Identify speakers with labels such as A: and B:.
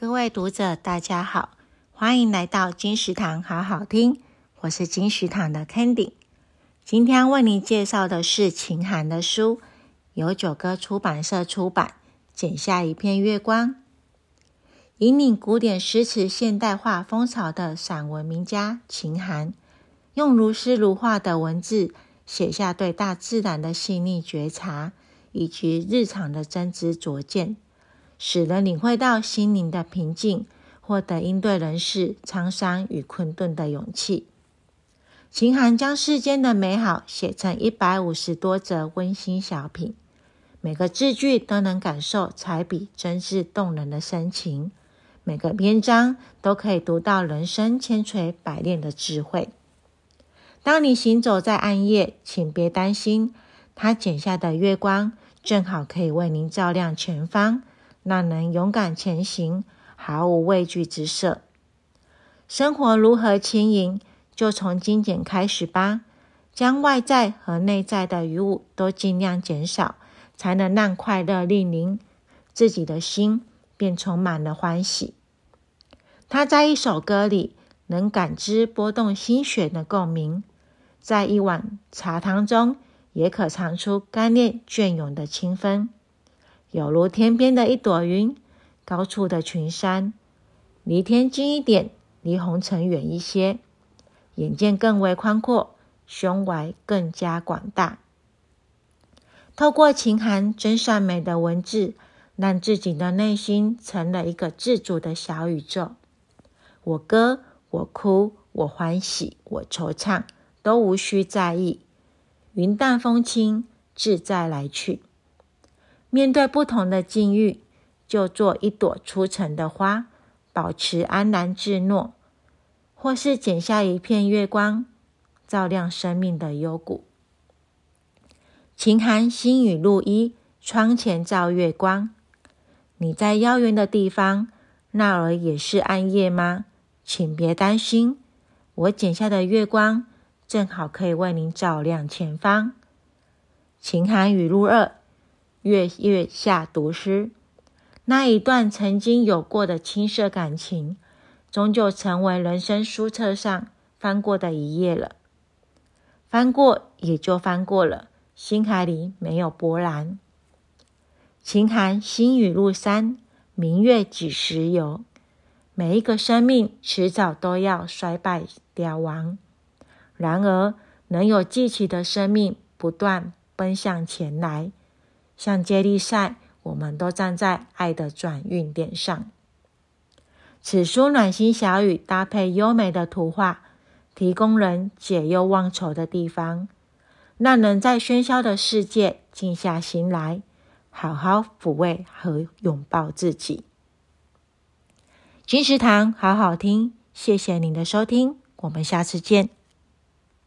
A: 各位讀者，大家好，歡迎來到金石堂好好聽，我是金石堂的 Candy。今天為您介紹的是琹涵的書，由九歌出版社出版，《剪下一片月光》，引領古典詩詞現代化風潮的散文名家琹涵，用如詩如畫的文字寫下對大自然的細膩覺察，以及日常的真知灼見。使人領會到心靈的平靜，獲得應對人世滄桑與困頓的勇氣。秦寒將世間的美好寫成一百五十多則溫馨小品，每個字句都能感受彩筆真摯動人的深情，每個篇章都可以讀到人生千錘百煉的智慧。當你行走在暗夜，請別擔心，他剪下的月光正好可以為您照亮前方。讓人勇敢前行，毫無畏懼之色。生活如何輕盈，就從精簡開始吧。將外在和內在的餘物都盡量減少，才能讓快樂蒞臨自己的心，便充滿了歡喜。他在一首歌裡能感知撥動心弦的共鳴，在一碗茶湯中也可嘗出幹練雋永的清芬。有如天邊的一朵雲，高處的群山，離天近一點，離紅塵遠一些，眼界更為寬闊，胸懷更加廣大。透過琹涵真善美的文字，讓自己的內心成了一個自主的小宇宙。我歌，我哭，我歡喜，我惆悵，惆悵都無需在意，雲淡風輕，自在來去。面對不同的境遇，就做一朵出塵的花，保持安然自若；或是剪下一片月光，照亮生命的幽谷。秦涵心語錄一：窗前照月光。你在遙遠的地方，那兒也是暗夜嗎？請別擔心，我剪下的月光，正好可以為您照亮前方。秦涵語錄二。月月下讀詩，那一段曾經有過的青澀感情，終究成為人生書冊上翻過的一頁了。翻過也就翻過了，心海裡沒有波瀾。秦寒新雨入山，明月幾時有？每一個生命遲早都要衰敗凋亡，然而能有繼起的生命，不斷奔向前來。像接力賽，我們都站在愛的轉運點上。此書暖心小語搭配優美的圖畫，提供人解憂忘愁的地方，讓人在喧囂的世界靜下心來，好好撫慰和擁抱自己。金石堂好好聽，謝謝您的收聽，我們下次見。